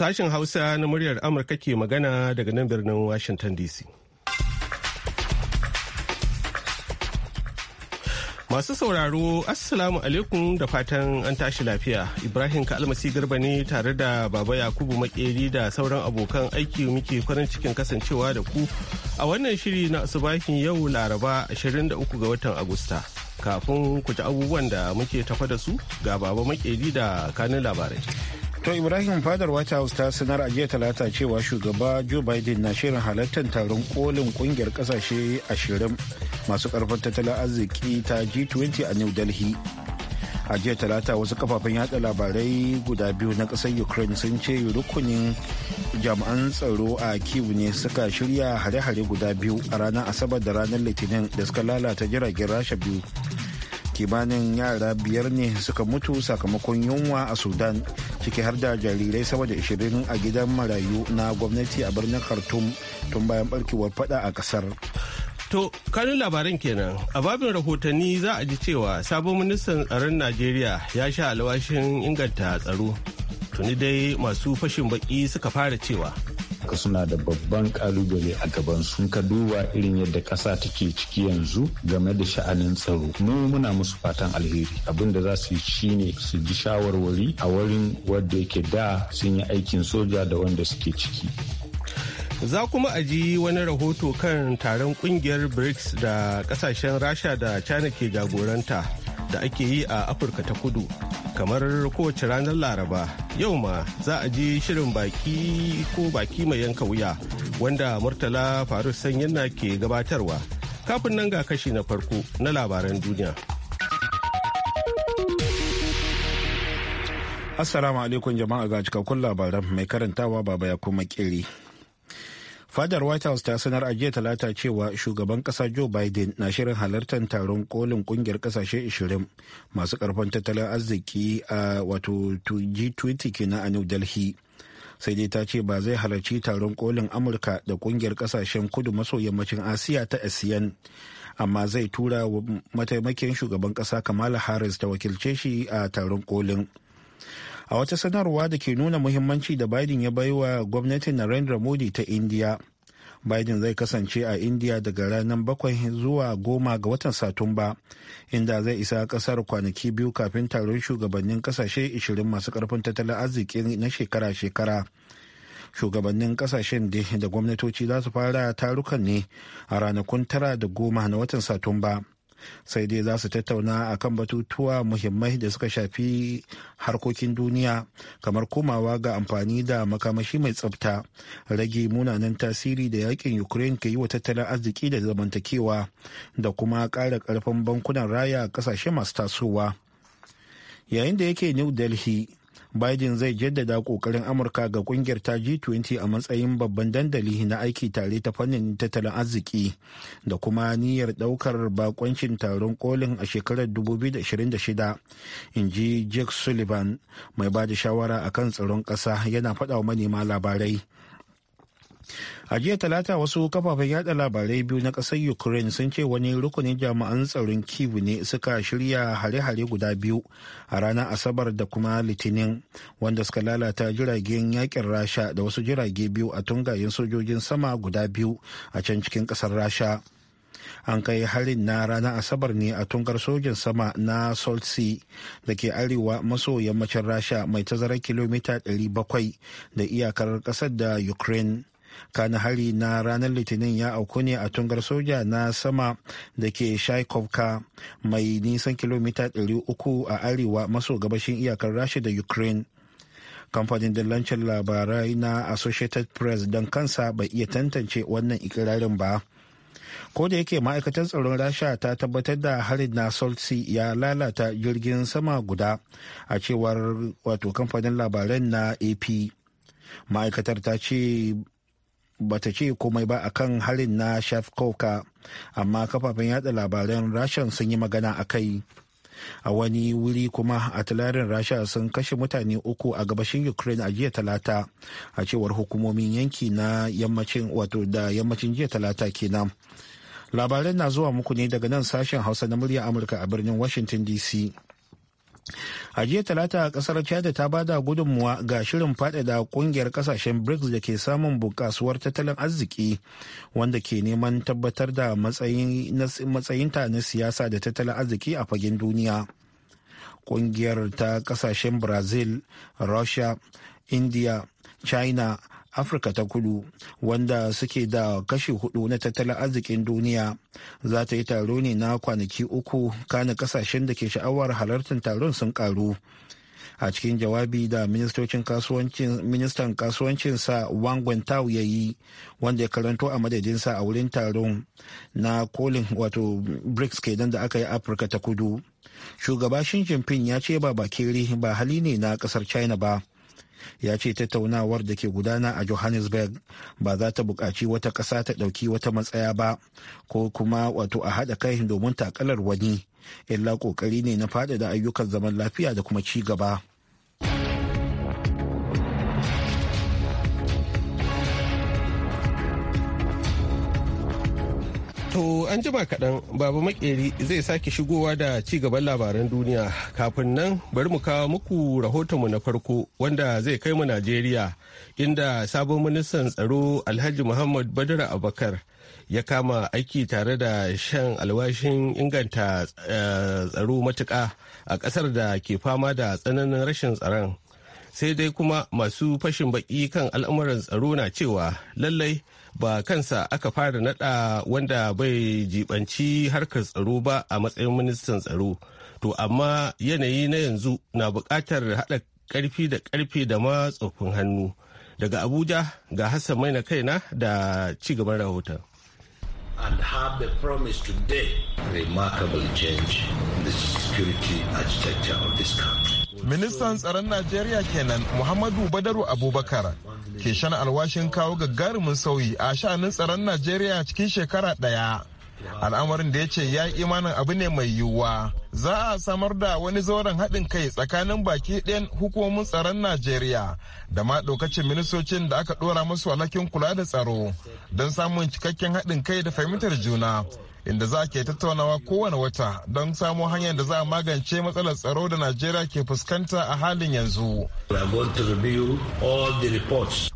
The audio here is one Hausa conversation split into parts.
Sashen Hausa na muryar Amurka ke magana daga nan birnin Washington DC. Masu sauraro, Assalamu alaikum da fatan an tashi lafiya. Ibrahim Kalmasi Garba ne tare da Baba Yakubu Makeri da sauran abokan aiki muke farin cikin kasancewa da ku a wannan shiri na asubahin yau Laraba 23 ga watan Agusta. Kafin ku ji abubuwan da muke tafa da su ga Baba Makeri da kanin labarai. To Ibrahim fadar White House ta sanar a jiya talata cewa shugaba Joe Biden na shirin halartar taron kolin kungiyar kasashe ashirin masu karfin tattalin arziki ta G20 a New Delhi. A jiya talata wasu kafafen yada labarai guda biyu na kasar Ukraine sun ce rukunin jami'an tsaro a Kiev ne suka shirya hare-hare guda biyu a ranar Asabar da ranar Litinin da suka lalata jiragen Rasha biyu. kimanin yara biyar ne suka mutu sakamakon yunwa a sudan ciki har da jarirai sama da 20 a gidan marayu na gwamnati a birnin khartoum tun bayan barkewar fada a kasar To, kanun labaran kenan, a babin rahotanni za a ji cewa sabon ministan tsaron Najeriya ya sha alwashin inganta tsaro. Tuni dai masu fashin baki suka fara cewa haka suna da babban kalubale a gaban su ka duba irin yadda ƙasa take ciki yanzu game da sha'anin tsaro mu muna musu fatan alheri abin da za su yi shine su ji shawarwari a wurin wadda yake da sun yi aikin soja da wanda suke ciki Za kuma a ji wani rahoto kan taron kungiyar BRICS da kasashen Rasha da China ke jagoranta da ake yi a Afirka ta kudu. Kamar kowace ranar Laraba, yau ma za a ji shirin baki ko baki mai yanka wuya wanda Murtala Faru na ke gabatarwa. Kafin nan ga kashi na farko na labaran duniya. Assalamu alaikum jama'a ga cikakkun labaran mai karantawa baba ya kuma kiri. fadar white house ta sanar a jiya talata cewa shugaban kasa joe biden na shirin halartar taron kolin kungiyar kasashe 20 masu karfin tattalin arziki a wato g20 kenan a new delhi sai dai ta ce ba zai halarci taron kolin amurka da kungiyar kasashen kudu maso yammacin asiya ta asiyan amma zai tura mataimakin shugaban kasa kamala harris ta wakilce shi a taron kolin a wata sanarwa da ke nuna muhimmanci da biden ya baiwa gwamnatin narendra modi ta indiya biden zai kasance a indiya daga ranar bakwai zuwa goma ga watan satumba inda zai isa kasar kwanaki biyu kafin taron shugabannin kasashe 20 masu karfin tattalin arziki na shekara-shekara shugabannin kasashen da gwamnatoci za su fara tarukan ne a ranakun tara da goma na watan satumba sai dai za su tattauna a kan batutuwa muhimmai da suka shafi harkokin duniya kamar komawa ga amfani da makamashi mai tsafta rage munanan tasiri da yakin ukraine ke yi wa tattalin arziki da zamantakewa da kuma ƙara ƙarfin bankunan raya ƙasashe masu tasowa yayin da yake new delhi biden zai jaddada kokarin amurka ga kungiyar ta g20 a matsayin babban dandali na aiki tare ta fannin tattalin arziki da kuma niyyar daukar bakoncin taron kolin a shekarar 2026 in ji jake sullivan mai ba da shawara akan tsaron ƙasa yana faɗa wa manema labarai a jiya talata wasu kafafen yada labarai biyu na kasar ukraine sun ce wani rukunin jami'an tsaron kiev ne suka shirya hare-hare guda biyu a ranar asabar da kuma litinin wanda suka lalata jiragen yakin rasha da wasu jirage biyu a tungayen sojojin sama guda biyu a can cikin kasar rasha an kai harin na ranar asabar ne a tungar sojin sama na solsi da ke arewa maso yammacin rasha mai tazarar kilomita 700 da iyakar kasar da ukraine kana hari na ranar litinin ya auku ne a tungar soja na sama da ke shaikovka mai nisan kilomita 300 a arewa maso gabashin iyakar rasha da ukraine kamfanin dillancin labarai na associated press don kansa bai iya tantance wannan ikirarin ba ko da yake ma'aikatar tsaron rasha ta tabbatar da harin na solsi ya lalata jirgin sama guda a cewar wato kamfanin labaran na ap ma'aikatar ta ce bata ce komai ba akan halin na shafkoka amma kafafen yada labaran rashan sun yi magana a kai a wani wuri kuma a atilarin rasha sun kashe mutane uku a gabashin ukraine a jiya talata a cewar hukumomin yanki na yammacin wato da yammacin jiya talata kenan labaran na zuwa muku ne daga nan sashen hausa na murya amurka a birnin washington dc a jiya talata kasar chad ta bada gudunmuwa ga shirin faɗaɗa kungiyar kasashen brics da ke samun bunƙasuwar tattalin arziki wanda ke neman tabbatar da matsayinta na siyasa da tattalin arziki a fagen duniya kungiyar ta kasashen brazil russia india china afirka ta kudu wanda suke da kashi hudu na tattalin arzikin duniya za ta yi taro ne na kwanaki uku kana kasashen da ke sha'awar halartar taron sun karu a cikin jawabi da ministan kasuwancinsa wang wentao ya yi wanda ya karanto a madadinsa a wurin taron na kolin wato brics kenan da aka yi afirka ta kudu shugaba Xi Jinping ya ce ba bakeri ba hali ne na kasar China ba. ya ce tattaunawar da ke gudana a johannesburg ba za ta buƙaci wata ƙasa ta ɗauki wata matsaya ba ko kuma wato a haɗa kai domin takalar wani illa ƙoƙari ne na faɗaɗa ayyukan zaman lafiya da kuma ci gaba. To an jima kaɗan Baba Makeri zai sake shigowa da ci gaban labaran duniya kafin nan bari mu kawo muku rahotonmu na farko wanda zai kai mu Najeriya inda sabon ministan tsaro Alhaji Muhammad Badara Abakar ya kama aiki tare da shan alwashin inganta eh, tsaro matuƙa a ƙasar da ke fama da tsananin rashin tsaron. sai dai kuma masu fashin baki kan al'amuran tsaro na cewa lallai ba kansa aka fara nada wanda bai jibanci harkar tsaro ba a matsayin ministan tsaro to amma yanayi na yanzu na bukatar haɗa karfi da karfe da ma tsofin hannu daga abuja ga hassan mai na kaina da ci gaban rahoton and have the promise today remarkable change in the security architecture of this country. ministan tsaron najeriya kenan muhammadu badaru abubakar ke shan alwashin kawo gagarumin sauyi a sha'anin tsaron najeriya cikin shekara ɗaya al'amarin da ya ce ya yi imanin abu ne mai yiwuwa za a samar da wani zauren haɗin kai tsakanin baki ɗayan hukumomin tsaron najeriya da ma ɗaukacin ministocin da aka ɗora musu alhakin kula da tsaro don samun cikakken haɗin kai da fahimtar juna inda za ke tattaunawa kowane wata don samo hanyar da za a magance matsalar tsaro da najeriya ke fuskanta a halin yanzu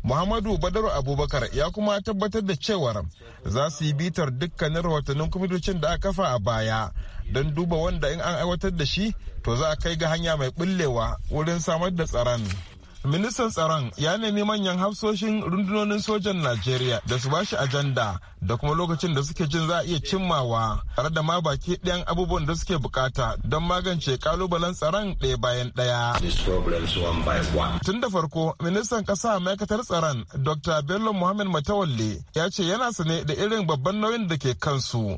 muhammadu badaru abubakar ya kuma tabbatar da cewar za su yi bitar dukkanin rahotannin kwamitocin da aka kafa a baya don duba wanda in an aiwatar da shi to za a kai ga hanya mai bullewa wurin samar da tsaron ministan tsaron ya nemi manyan hafsoshin rundunonin sojan najeriya da su bashi ajanda da kuma lokacin da suke jin za a iya cimmawa tare da ma baki ɗayan abubuwan da suke bukata don magance kalubalen tsaron ɗaya bayan ɗaya. Tun da farko ministan ƙasa ma'aikatar tsaron Dr. Bello Muhammad Matawalle ya ce yana sane da irin babban nauyin da ke kansu.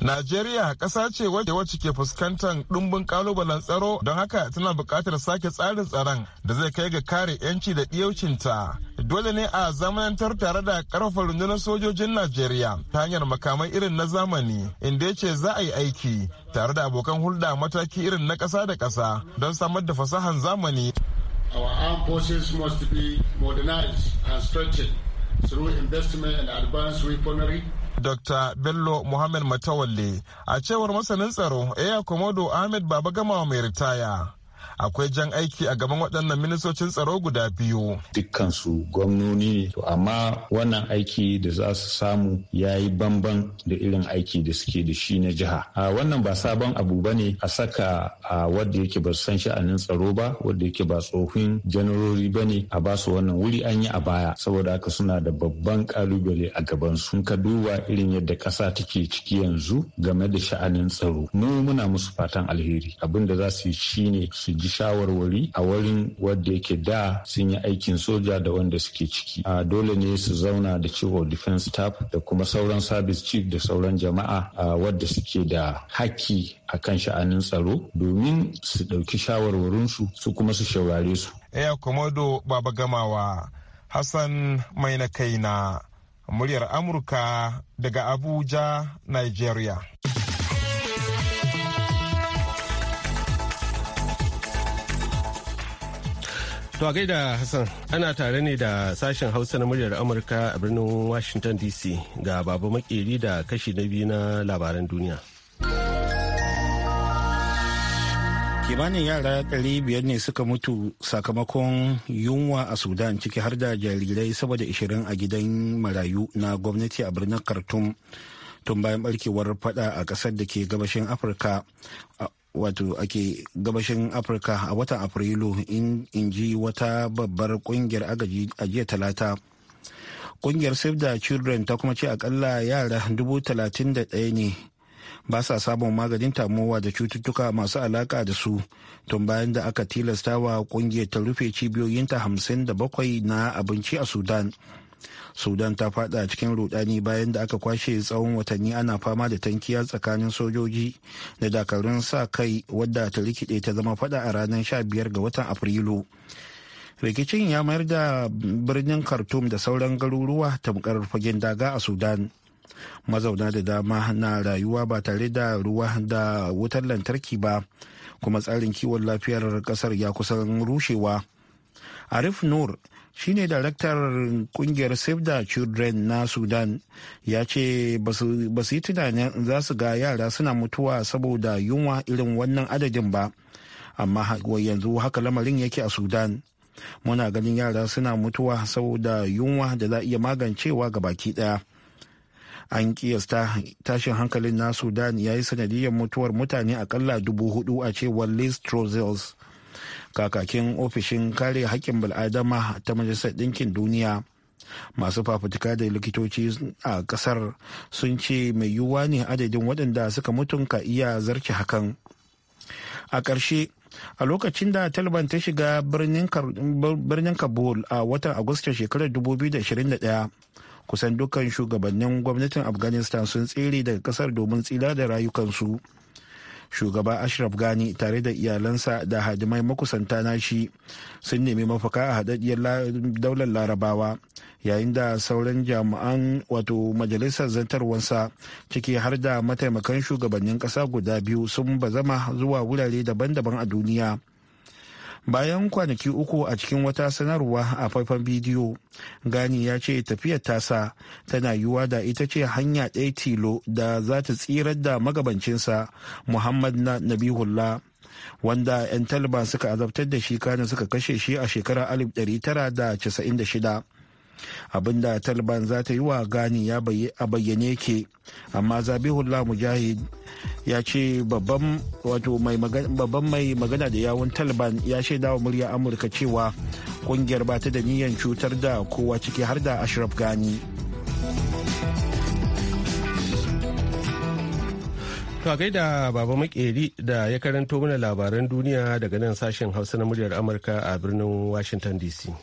Najeriya ƙasa ce wacce wacce ke fuskantar ɗumbin kalubalen tsaro don haka tana bukatar sake tsarin tsaron da zai kai ga kare 'yanci da ɗiyauci aikinta dole ne a zamanantar tare da karfa rundunar sojojin najeriya ta hanyar makamai irin na zamani inda ya ce za a yi aiki tare da abokan hulɗa mataki irin na ƙasa da ƙasa don samar da fasahan zamani Our armed forces must be modernized and through investment and advanced weaponry Dr. Bello Muhammad Matawalle a cewar masanin tsaro Eya Komodo Ahmed Baba Gamawa mai ritaya. akwai jan aiki a gaban waɗannan ministocin tsaro guda biyu. Dukkansu gwamnoni ne, amma wannan aiki da za su samu ya yi bamban da irin aiki da suke da shi na jiha. A wannan ba sabon abu ba ne a saka a wadda yake ba san sha'anin tsaro ba, wadda yake ba tsohon janarori ba ne a basu wannan wuri an yi a baya. Saboda haka suna da babban ƙalubale a gaban sun ka duba irin yadda ƙasa take ciki yanzu game da sha'anin tsaro. Mu muna musu fatan alheri. Abin da za su yi shi ne su ji ji shawarwari a wurin wadda yake da sun yi aikin soja da wanda suke ciki a dole ne su zauna da chief of defense staff da kuma sauran service chief da sauran jama'a a wadda suke da haki a kan sha'anin tsaro domin su ɗauki shawarwarinsu su kuma su shaurare su. ya eh, Komodo Baba Gamawa, Hassan Mai na kai na muryar Amurka daga Abuja, Nigeria. To a gaida Hassan ana tare ne da sashen Hausa na muryar Amurka a birnin Washington DC ga babu makeri da kashi na biyu na labaran duniya. Kimanin yara ɗari biyar ne suka mutu sakamakon yunwa a Sudan ciki har da jarirai saboda ishirin a gidan marayu na gwamnati a birnin Khartoum tun bayan barkewar fada a ƙasar da ke gabashin Afirka wato ake gabashin afirka a watan afrilu in ji wata babbar kungiyar agaji a jiya talata kungiyar save the children ta kuma ce akalla yara dubu talatin da ɗaya ne ba sa samun maganin tamowa da cututtuka masu alaka da su tun bayan da aka tilasta wa kungiyar ta rufe cibiyoyinta hamsin da bakwai na abinci a sudan sudan ta fada cikin rudani bayan da aka kwashe tsawon watanni ana fama da tankiya tsakanin sojoji da dakarun sa kai wadda ta rikide ta zama fada a ranar sha biyar ga watan afrilu rikicin ya mayar da birnin khartoum da sauran garuruwa tamkar fagen daga a sudan mazauna da dama na rayuwa ba tare da ruwa da wutar lantarki ba kuma tsarin kiwon lafiyar kasar ya kusan rushewa arif nur shine daraktar kungiyar save the children na sudan ya ce ba su yi tunanin za su ga yara suna mutuwa saboda yunwa irin wannan adadin ba amma yanzu haka lamarin yake a sudan muna ganin yara suna mutuwa saboda yunwa da za iya magancewa ga baki daya an kiyasta tashin hankalin na sudan ya yi sanadiyar mutuwar mutane akalla dubu hudu a cewar liz trozels kakakin ofishin kare haƙƙin bil'adama ta majalisar ɗinkin duniya masu fafutuka da likitoci a ƙasar sun ce mai yiwuwa ne adadin waɗanda suka mutun ka iya zarce hakan a ƙarshe a lokacin da taliban ta shiga birnin kabul a watan agusta shekarar 2021 kusan dukkan shugabannin gwamnatin afghanistan sun tsere daga ƙasar domin tsira da rayukansu shugaba ashraf gani tare da iyalansa da hadimai makusanta nashi sun nemi mafaka a hadaddiyar daular larabawa yayin da sauran jami'an wato majalisar zantarwansa ciki har da mataimakan shugabannin ƙasa guda biyu sun bazama zuwa wurare daban-daban a duniya bayan kwanaki uku a cikin wata sanarwa a faifan bidiyo gani ya ce tafiyar tasa tana yiwuwa da ita ce hanya ɗaya tilo da za ta tsirar da magabancinsa muhammad na nabihullah wanda 'yan taliban suka azabtar da shi kana suka kashe shi a shekarar 1996 abinda taliban za ta yi wa gani ya bayyane yake amma zabihullah mujahid ya ce babban mai magana da yawun taliban ya shaida wa murya amurka cewa kungiyar ba ta da niyyar cutar da kowa ciki har da ashraf gani To da Baba Makeri da ya karanto mana labaran duniya daga nan sashen Hausa na muryar Amurka a birnin Washington DC.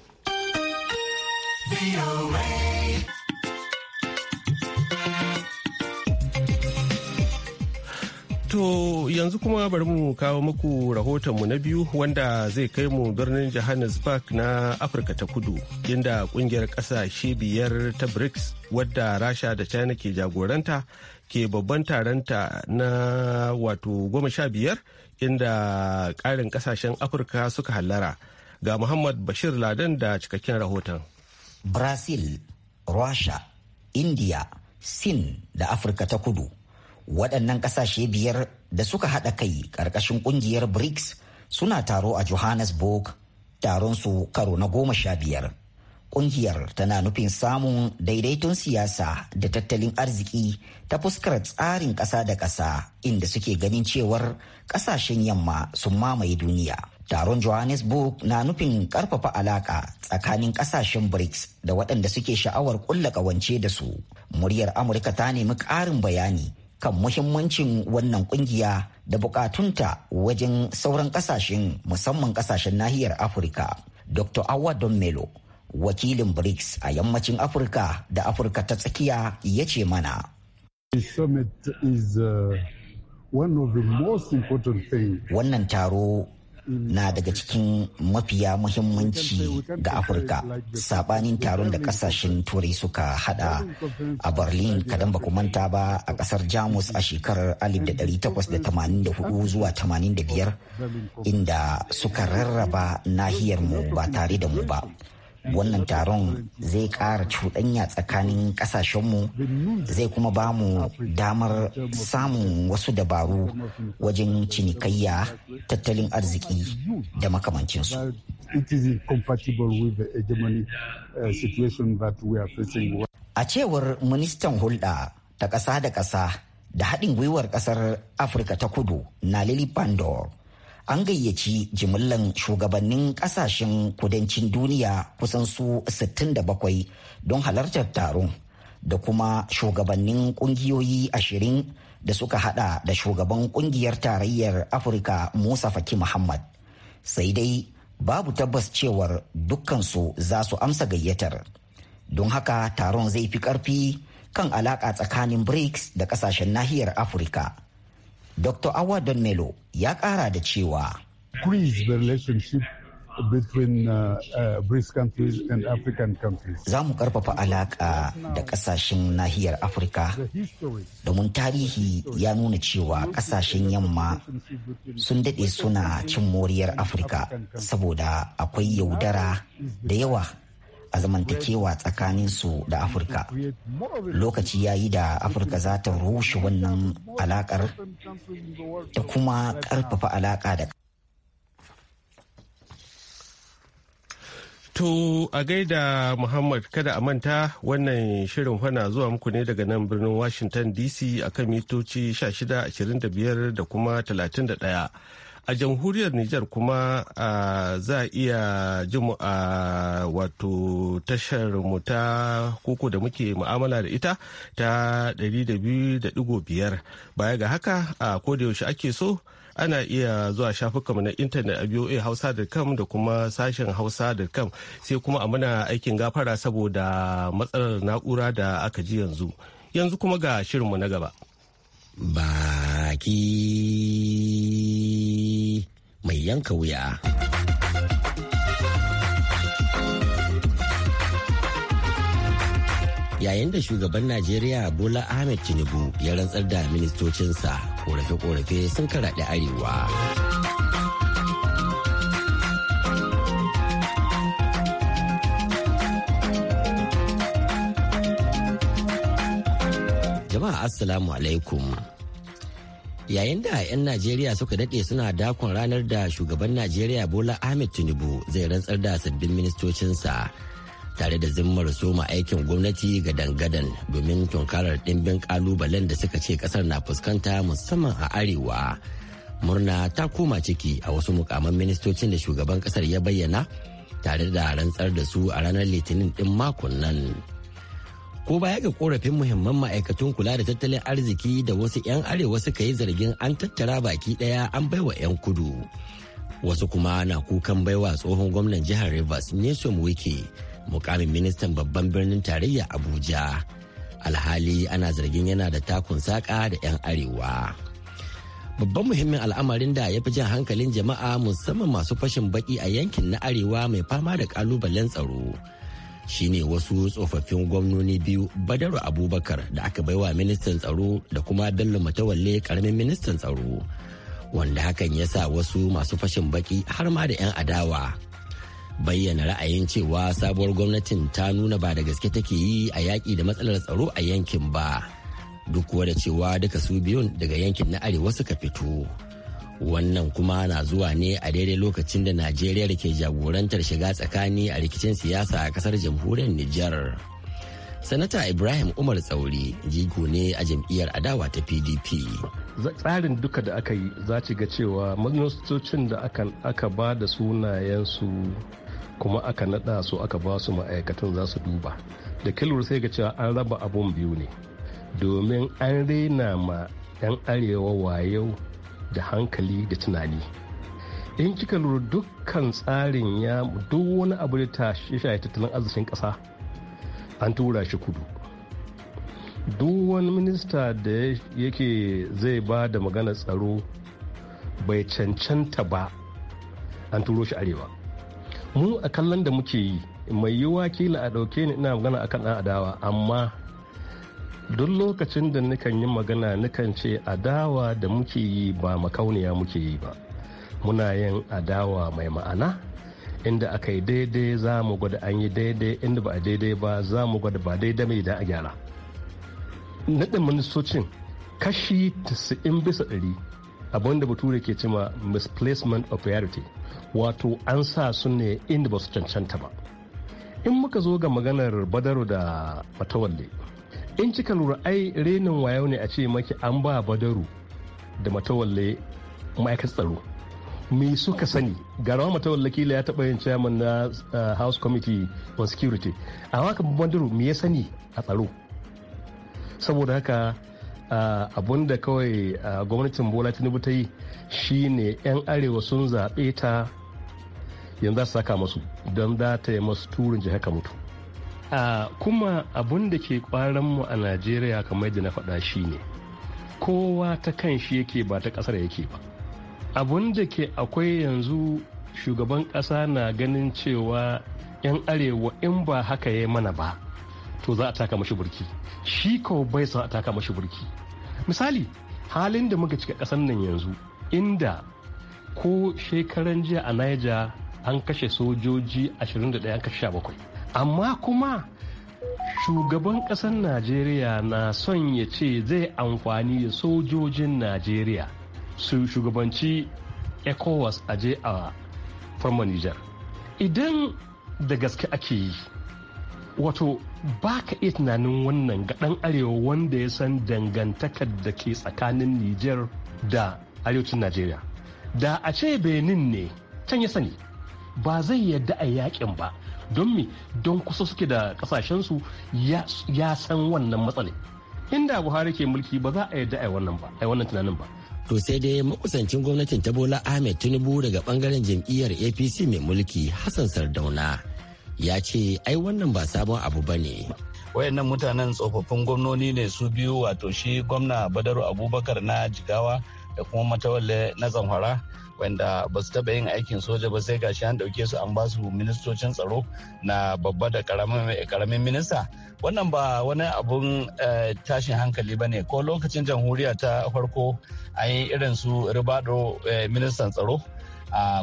To yanzu kuma bari mu kawo muku mu na biyu wanda zai kai mu birnin Johannesburg na Afirka ta kudu inda kungiyar ƙasashe biyar ta BRICS wadda Rasha da China ke jagoranta ke babban taronta na wato goma sha biyar inda ƙarin ƙasashen Afirka suka hallara. Ga Muhammad Bashir Ladan da cikakken rahoton. brazil russia india sin da afirka ta kudu waɗannan ƙasashe biyar da suka haɗa kai ƙarƙashin ƙungiyar brics suna taro a johannesburg taron su karo na goma sha biyar ƙungiyar tana nufin samun daidaiton siyasa da tattalin arziki ta fuskar tsarin ƙasa da ƙasa inda suke ganin cewar ƙasashen yamma sun mamaye duniya Taron Johannesburg na nufin karfafa alaka tsakanin kasashen BRICS da waɗanda suke sha'awar kulla ƙawance da su. Muryar Amurka ta nemi ƙarin bayani kan muhimmancin wannan kungiya da bukatunta wajen sauran kasashen musamman kasashen nahiyar Afirka. Dr. Awa Don Melo, wakilin BRICS a yammacin Afirka da Afirka ta tsakiya ya ce mana. Uh, wannan taro na daga cikin mafiya muhimmanci ga afirka sabanin taron da kasashen turai suka hada a berlin kadan ba manta ba a kasar jamus a shekarar 1884 zuwa 85 inda suka rarraba nahiyar mu ba tare da mu ba wannan taron zai ƙara cuɗanya tsakanin ƙasashenmu zai kuma ba mu damar samun wasu dabaru wajen cinikayya tattalin arziki da makamancinsu uh, a cewar ministan hulɗa ta ƙasa da ƙasa da haɗin gwiwar ƙasar afirka ta kudu na lili pandor an gayyaci jimillan shugabannin kasashen kudancin duniya kusan su 67 don halartar taron da kuma shugabannin kungiyoyi ashirin da suka hada da shugaban kungiyar tarayyar afirka musa faki muhammad sai dai babu tabbas cewar dukkansu za su amsa gayyatar don haka taron zai fi karfi kan alaka tsakanin brics da kasashen nahiyar afirka Dr. Awadon Melo ya ƙara da cewa. between uh, uh, and African countries. Za mu karfafa alaka da kasashen nahiyar Afirka domin tarihi ya nuna cewa kasashen yamma sun daɗe suna cin moriyar Afirka saboda akwai yaudara da yawa a zamantakewa tsakanin su da afirka lokaci ya yi da afirka za ta rushe wannan alakar da kuma karfafa alaka da To a gaida Muhammad kada a manta wannan shirin fana zuwa muku ne daga nan birnin Washington DC akan mitoci 16, 25 da kuma 31. a jamhuriyar Nijar kuma za a iya jimu a wato tashar mu ta koko da muke mu'amala da ita ta 200.5 baya ga haka a kodayaushe ake so ana iya zuwa shafukanmu na intanet a voa hausa.com da kuma sashen hausa.com sai kuma a muna aikin gafara saboda matsalar na'ura da aka ji yanzu yanzu kuma ga shirinmu na gaba. baki mai yanka wuya. Yayin da shugaban Najeriya Bola Ahmed Tinubu ya rantsar da ministocinsa korafe-korafe sun karaɗe arewa. Jama'a Assalamu alaikum. Yayin da 'yan Najeriya suka dade suna dakon ranar da shugaban Najeriya Bola Ahmed Tinubu zai rantsar da sabbin ministocinsa tare da zimmar soma aikin gwamnati ga dangadan domin tunkarar dimbin kalubalen da suka ce kasar na fuskanta musamman a arewa. Murna ta koma ciki a wasu mukaman ministocin da shugaban kasar ya bayyana tare da rantsar da su a ranar litinin din makon nan. ko baya ga korafin muhimman ma'aikatun kula da tattalin arziki da wasu 'yan arewa suka yi zargin an tattara baki daya an baiwa 'yan kudu wasu kuma na kukan baiwa tsohon gwamnan jihar rivers nyesom wike mukamin ministan babban birnin tarayya abuja alhali ana zargin yana da takun saƙa da 'yan arewa babban muhimmin al'amarin da ya fi jan hankalin jama'a musamman masu fashin baki a yankin na arewa mai fama da kalubalen tsaro shine wasu tsofaffin gwamnoni biyu badaru abubakar da aka baiwa ministan tsaro da kuma bello matawalle karamin ministan tsaro wanda hakan ya sa wasu masu fashin baki har ma da 'yan adawa bayyana ra'ayin cewa sabuwar gwamnatin ta nuna ba da gaske take yi a yaƙi da matsalar tsaro a yankin ba duk da cewa duka su biyun daga yankin na arewa suka fito. wannan kuma na zuwa ne a daidai lokacin da najeriya ke jagorantar shiga tsakani a rikicin siyasa a kasar jamhuriyar nijar sanata ibrahim umar tsauri jigo ne a jam'iyyar adawa ta pdp tsarin duka da aka yi za ci ga cewa manistocin da aka ba da sunayensu kuma aka nada su aka ba su ma'aikatan za su duba da kilur sai ga cewa an raba abun biyu ne domin an rena ma 'yan arewa wayau da hankali da tunani in kika lura dukkan tsarin ya duk wani abu da ta tattalin arzikin ƙasa an tura shi kudu duk wani minista da yake zai ba da magana tsaro bai cancanta ba an turo shi arewa mu a kallon da muke yi mai yiwuwa kila a ɗauke ni ina magana akan ɗan adawa amma duk lokacin da nukan yi magana nukan ce adawa da muke yi ba makauniya muke yi ba muna yin adawa mai ma'ana inda aka yi daidai za mu gwada an yi daidai inda ba a daidai ba za mu gwada ba daidai mai da a gyara naɗin ministocin kashi 90 bisa ɗari abinda bature ke cima misplacement of priority wato an sa su ne inda ba su cancanta ba in muka zo ga maganar badaro da matawalle in cika lura ai renin waya ne a ce maki an ba badaru da matawalle ma'aikatar tsaro me suka sani garawa matawalle kila ya taba yin chairman na eh, house committee on security a kan badaru me ya sani a tsaro saboda haka eh, abun da kawai eh, gwamnatin bola tinubu ta yi shine 'yan arewa sun zaɓe ta yanzu za su saka masu don za ta yi masu turin jihar ka mutu A kuma abun da ke mu a najeriya kamar da na faɗa shi ne kowa ta kan shi yake ba ta ƙasar yake ba abun da ke akwai yanzu shugaban ƙasa na ganin cewa 'yan arewa in ba haka ya mana ba to za a taka mashi burki shi kawo bai sa a taka mashi burki misali halin da muka cika ƙasar nan yanzu inda ko shekaran jiya a niger an kashe sojoji 21 an kashe 17 amma kuma shugaban ƙasar najeriya na son ya ce zai amfani da sojojin najeriya su shugabanci ecowas a je a farma nijar idan da gaske ake yi wato ba ka iya tunanin wannan gaɗan arewa wanda ya san dangantakar da ke tsakanin nijar da arewacin najeriya da a ce benin ne can ya sani ba zai yadda a yakin ba don me don kusa suke da kasashensu ya san wannan matsalai inda buhari ke mulki ba za a yadda a wannan ba a wannan tunanin ba to sai dai makusancin gwamnatin ta bola ahmed tinubu daga bangaren jam'iyyar apc mai mulki hassan sardauna ya ce ai wannan ba sabon abu ba ne wayannan mutanen tsofaffin gwamnoni ne su biyu wato shi gwamna badaru abubakar na jigawa da kuma matawalle na zamfara wanda ba su taɓa yin aikin soja ba sai gashi an dauke su an ba su ministocin tsaro na babba da karamin eh, minista wannan ba wani abun eh, tashin hankali ba ne ko lokacin jamhuriya ta farko an yi irin su ribado eh, ministan tsaro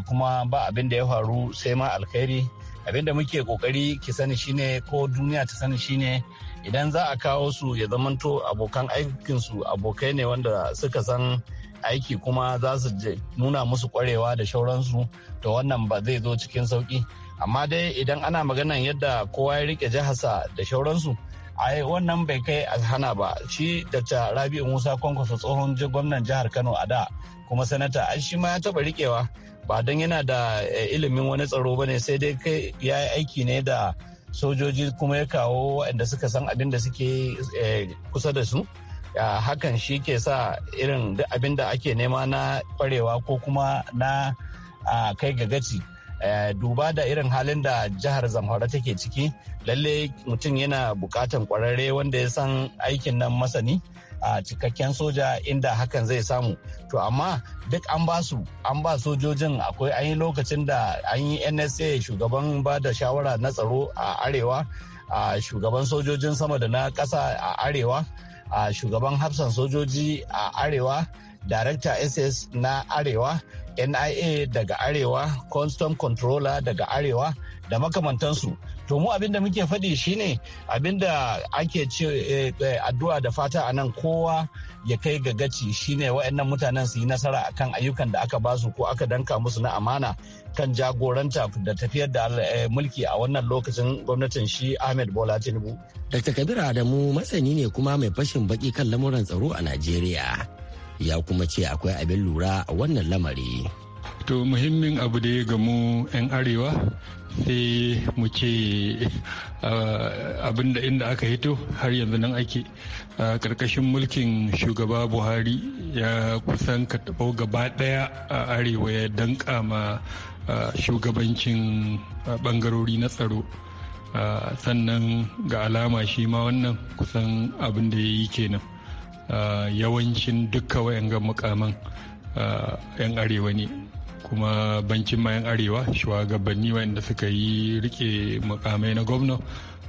kuma ba abin da ya faru sai ma alkhairi abin da muke kokari ki sani shine ko duniya ta sani shine idan za a kawo su ya zamanto abokan aikinsu abokai ne wanda suka san aiki kuma za su nuna musu kwarewa da shauransu to wannan ba zai zo cikin sauki amma dai idan ana maganan yadda kowa ya rike jiharsa da shauransu ai wannan bai kai a hana ba shi ta rabi'u musa kwankwaso tsohon gwamnan jihar kano a da kuma sanata ai shi ma ya taba rikewa ba don yana da eh, ilimin wani tsaro ba ne sai dai kai ya yi aiki ne da sojoji kuma ya kawo waɗanda suka san abin da suke eh, kusa da su hakan shi ke sa irin abin da ake nema na kwarewa ko kuma na kai ga gaci eh, duba da irin halin da jihar zamfara take ciki lalle mutum yana bukatan kwararre wanda ya san aikin nan masani a cikakken soja inda hakan zai samu to amma duk an ba su an ba sojojin akwai an yi lokacin da an yi nsa shugaban ba da shawara na tsaro a arewa a shugaban sojojin sama da na kasa a arewa a shugaban hafsan sojoji a arewa director ss na arewa nia daga arewa custom controller daga arewa da makamantansu to mu abin da muke faɗi shine abin da ake ce eh, eh, addu'a da fata a nan kowa ya kai ga gaci shine waɗannan mutanen su yi nasara akan ayyukan da aka basu ko aka danka musu na amana kan jagoranta da tafiyar da eh, mulki a wannan lokacin gwamnatin shi Ahmed Bola Tinubu. Dr. Kabir Adamu masani ne kuma mai fashin baki kan lamuran tsaro a Najeriya. Ya kuma ce akwai abin lura a wannan lamari. to muhimmin abu da ya gamu 'yan arewa sai mu ce abin da inda aka hito har yanzu nan ake a karkashin mulkin shugaba buhari ya kusan karɓo gaba ɗaya a arewa ya danka ma shugabancin bangarori na tsaro sannan ga alama shi ma wannan kusan abin da ya yi kenan yawancin dukkan wayan mukaman 'yan arewa ne kuma bankin mayan arewa shugabanni wanda suka yi rike mukamai na gwamna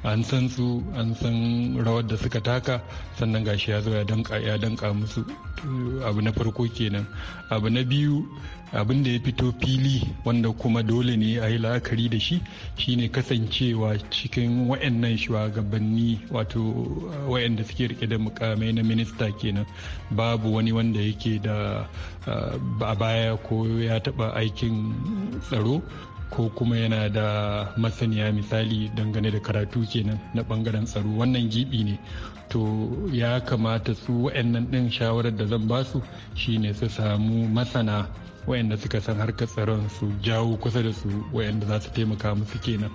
an san su an san rawar da suka taka sannan gashi ya zo ya danka ya danka musu abu na farko kenan abu na biyu abin da ya fito fili wanda kuma dole ne a yi la'akari da shi shine kasancewa cikin wayannan shugabanni wato wayanda suke rike da mukamai na minista kenan babu wani wanda yake da a baya ko ya taba aikin tsaro ko kuma yana da masaniya misali dangane da karatu kenan na bangaren tsaro wannan gibi ne to ya kamata su wa'annan ɗin shawarar da zan basu shine su samu masana wa'anda suka san harkar tsaron su jawo kusa da su wa'anda za su taimaka musu kenan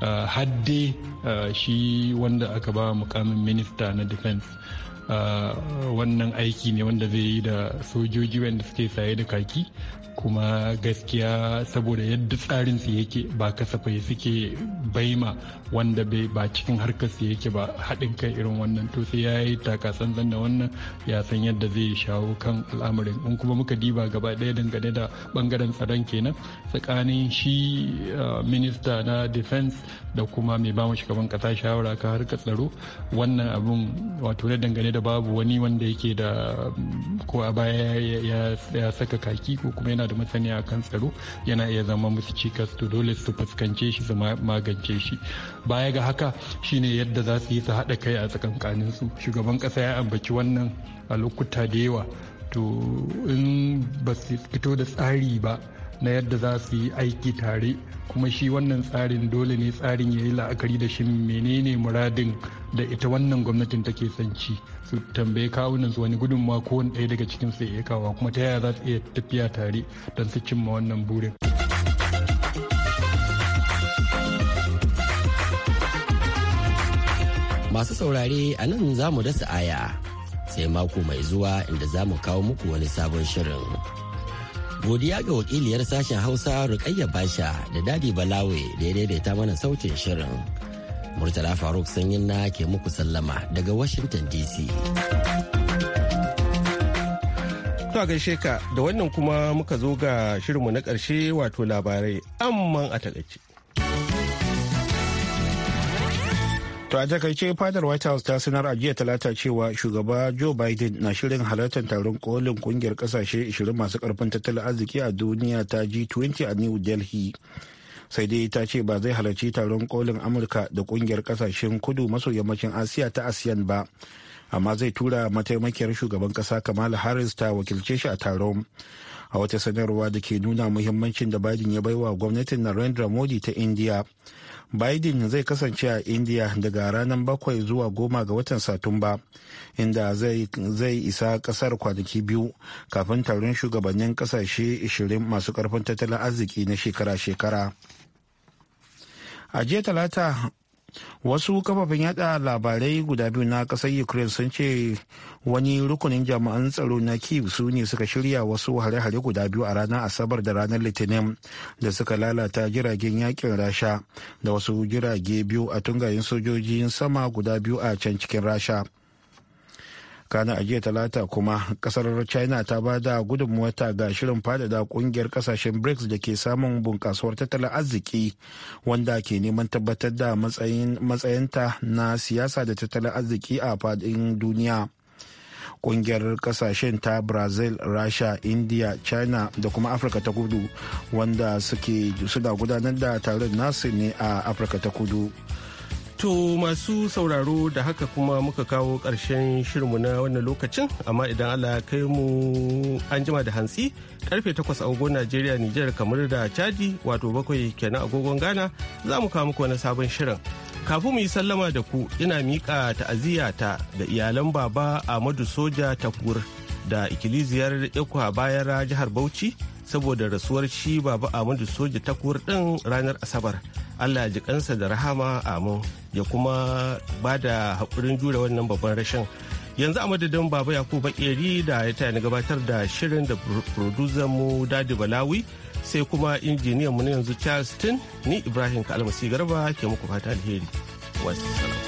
ah, hadde ah, shi wanda aka ba mukamin minista na defense wannan aiki ne wanda zai yi da sojoji wanda suke saye da kaki kuma gaskiya saboda yadda tsarin su yake ba kasafai suke baima wanda bai ba cikin harkar su yake ba haɗin kai irin wannan to sai ya yi takasanzan da wannan ya san yadda zai shawo kan al'amarin in kuma muka diba gaba ɗaya dangane da bangaren tsaron kenan tsakanin shi minista na defense da kuma mai ba mu shugaban kasa shawara kan harkar tsaro wannan abun wato na dangane da babu wani wanda yake da ko a baya ya saka kaki ko kuma yana da masaniya a kan tsaro yana iya zama musu cikas to dole su fuskance shi su magance shi baya ga haka shine yadda za su yi su haɗa kai a tsakankanin su shugaban ƙasa ya ambaci wannan a lokuta da yawa to in ba su fito da tsari ba na yadda za su yi aiki tare kuma shi wannan tsarin dole ne tsarin ya yi la'akari da shi menene muradin da ita wannan gwamnatin take son ci su tambaye kawunan su wani gudunmawa ko wani ɗaya daga cikin su ya kawo kuma ta yaya za su iya tafiya tare don su cimma wannan burin. Masu saurare a nan za mu dasa aya sai mako mai zuwa inda za mu kawo muku wani sabon shirin. Godiya ga wakiliyar sashen Hausa Rukayya Basha da Dadi Balawe da ya daidaita mana sautin shirin. Murtala Faruk Sanyin na ke muku sallama daga Washington DC. To gaishe ka da wannan kuma muka zo ga shirinmu na karshe wato labarai amman a takaice. To a takaice fadar White House ta sanar a jiya talata cewa shugaba Joe Biden na shirin halartar taron kolin kungiyar kasashe 20 masu karfin tattalin arziki a duniya ta G20 a New Delhi. Sai dai ta ce ba zai halarci taron kolin Amurka da kungiyar kasashen kudu maso yammacin Asiya ta ASEAN ba. Amma zai tura mataimakiyar shugaban kasa Kamala Harris ta wakilce shi a taron. A wata sanarwa da ke nuna muhimmancin da Biden ya baiwa gwamnatin Narendra Modi ta India. biden zai kasance a india daga ranar bakwai zuwa goma ga watan satumba inda zai isa kasar kwanaki biyu kafin taron shugabannin kasashe 20 masu karfin tattalin arziki na shekara-shekara a jiya talata wasu kafafen yada labarai guda biyu na kasar ukraine sun ce wani rukunin jami'an tsaro na kiev su ne suka shirya wasu hare-hare guda biyu a ranar asabar da ranar litinin da suka lalata jiragen yakin rasha da wasu jirage biyu a tungayen sojojin sama guda biyu a can cikin rasha kana a jiya talata kuma kasar china ta ba da gudunmuwata ga shirin fadada kungiyar kasashen brics da ke samun bunkasuwar tattalin arziki wanda ke neman tabbatar da matsayinta na siyasa da tattalin arziki a fadin duniya ƙungiyar kasashen ta brazil rasha india china da kuma afirka ta kudu wanda suke suna gudanar da tarin nasu ne a afirka ta kudu To masu sauraro da haka kuma muka kawo ƙarshen shirinmu na wannan lokacin amma idan Allah kai mu an jima da hantsi karfe 8 agogon Najeriya Nijar kamar da Chadi wato bakwai kenan agogon Ghana za mu kawo muku wani sabon shirin. Kafin mu yi sallama da ku ina miƙa ta'aziyata da iyalan baba Ahmadu Soja Takur da ikiliziyar ekwa Bayara jihar Bauchi saboda rasuwar shi baba Ahmadu Soja Takur ɗin ranar Asabar. allah ji kansa da rahama amin ya kuma ba da haƙurin jure wannan babban rashin yanzu a madadin baba yakubu bakeri da ya taya ni gabatar da shirin da producer mu dadi balawi sai kuma injiniyan mu na yanzu charles tin ni ibrahim kalmasi garba ke muku fata alheri wasu